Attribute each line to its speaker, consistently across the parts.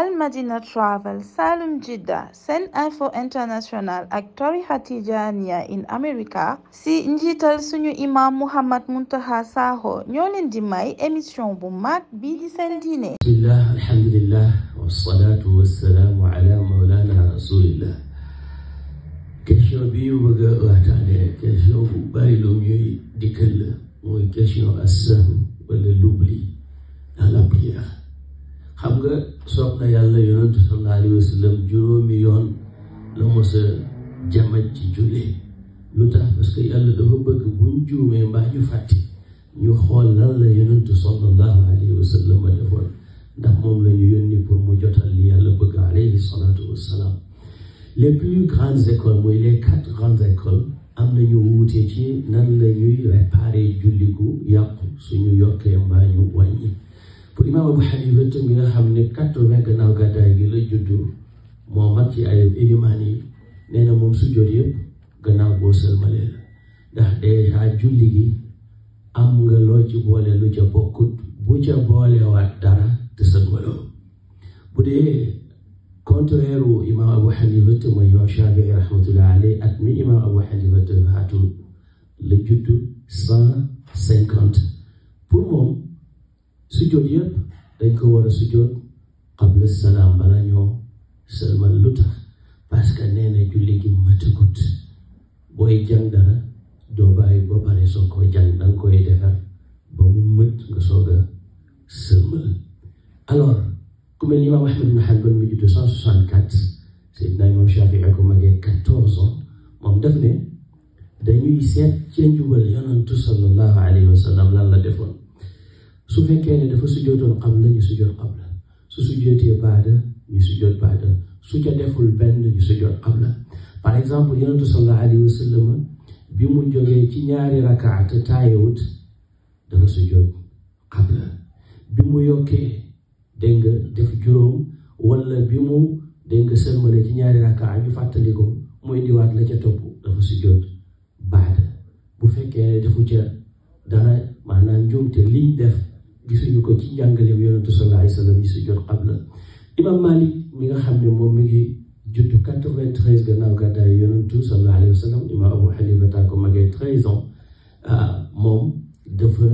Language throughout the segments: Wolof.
Speaker 1: al madina travel salum jidda sen info international ak tarixa tijaniya in america si njiital suñu imam muhammad muntaha sakho ñoo di may émission bu mag bii di seen diine bismillah alhamdulillah wasalaatu wasalaamu ala mawlana rasulillah question bi ñu bëgg a waxtaane question bu bari lu ñuy wax yàlla yonentu sallallahu alayhi wa juróomi yoon la mos a ci jullee lu tax parce que yàlla dafa bëgg buñ juumee mbaa ñu ñu xool lan la yonentu sallallahu alayhi wa sallam defoon ndax moom la ñu pour mu jotal li yàlla bëgg alayhi salaatu wassalaam les plus grandes écoles mooy les quatre grandes écoles am nañu wuute ci nan la ñuy réparer julli gu yàqu suñu yokkee mbaa ñu bu imaam Abu Xanifa mi nga xam ne quatre-vingt gannaaw gàddaay gi la juddu moo mag ci ay ilimaan yi nee na moom sujjóot yëpp gannaaw boo sëlmalee la ndax déjà julli gi am nga loo ci boole lu ca bokkut bu ca boolewaat dara te sëlmaloo bu dee contraire wu imaam Abu Xanifa te mooy imaam Shafii rahmatullah alayhi at mi imaam Abu Xanifa la juddu cent cinquante pour moom sujjóot yëpp dañ ko war a sujjóot qabla salaam bala ñoo sëlmal lu tax parce que nee na julli gi matagut booy jàng dara doo bàyyi ba soo ko jàng danga koy defar ba mu mët nga soog a sëlmal alors ku ma ni imaam Ahmad ibn Hanbal mi judd cent soixante-quatre Seydina imaam Shafii ko magee quatorze ans moom def ne dañuy seet ca njubal yonantu sallallahu alayhi wa sallam lan la defoon su fekkee ne dafa sujjootoon qabla ñu sujjoot qabla su sujjootee baada ñu sujjoot baada su ca deful benn ñu sujjoot qabla par exemple yonentu sallallahu alayhi wa bi mu jógee ci ñaari rakaat taayawut dafa sujjoot qabla bi mu yokkee dégg nga def juróom wala bi mu dégg nga ci ñaari rakaat ñu fàttali ko mu indiwaat la ca topp dafa sujjoot baada bu fekkee defu ca dara maanaam njuumte liñ def gisuñu ko ci jàngaleem yonentu sallallahu alayhi wasallam yi su jot xabla imam malik mi nga xam ne moom mi ngi juddu quatre-vingt-treize gannaaw gàddaay yonentu sallallahu alayhi wasallam imam abu xanifa taa ko magee treize ans ah, moom dafa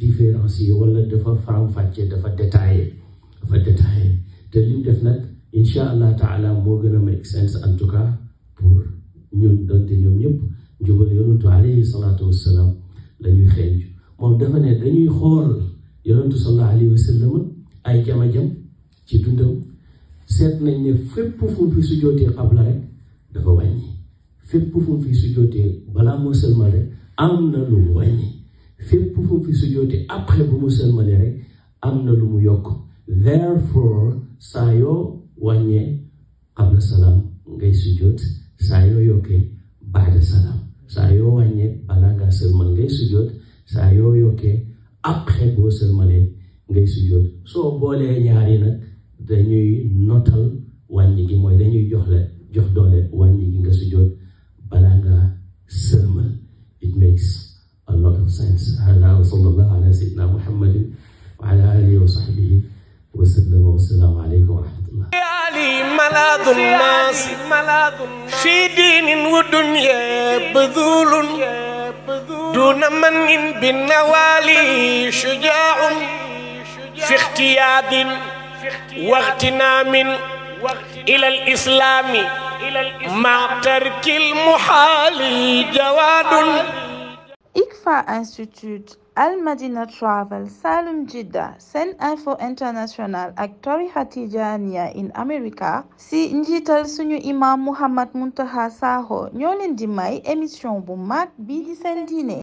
Speaker 1: différencier wala dafa faram-fàcce dafa détaillé dafa détaillé te lim def nag incha allah taala moo gën a make sense en tout cas pour ñun donte ñoom ñëpp njubal yonentu alayhi salaatu wassalaam la ñuy xeeñju moom dafa ne dañuy xool yonentu sallallahu alayhi wa ay jama-jam ci dundam seet nañ ne fépp fu fi su xabla rek dafa wàññi fépp fu fi su balaa na lu mu wàññi am na lu mu yokk therefore saa yoo wàññee xabla salaam ngay sujjoot saa yoo yokkee baada salaam saa yoo wàññee balaa ngaa sëlmal ngay sujjoot saa yoo yokkee après boo sërmalee ngay sujjóot soo boolee ñaari nag dañuy notal wàññi gi mooy dañuy jox la jox doole wàññi gi nga sujjóot balaa nga sërmal it makes a lot of sense hada wa sallallahu ala sayyidina muhammadin wa ala alihi wa sahbihi wa sallam wa salaamu alaykum wa rahmatullah ملاذ الناس في دين ودنيا بذول دون من بالنوالي شجاع في اختياد واغتنام إلى الإسلام مع ترك المحال جواد ICFA Institute Al Madina Travel Salum Jidda Sen Info International ak tarixa Tijaaniya in America si njiital suñu imam Mouhammad Muntaqa Sakho ñoo di may émission bu mag bii di seen diine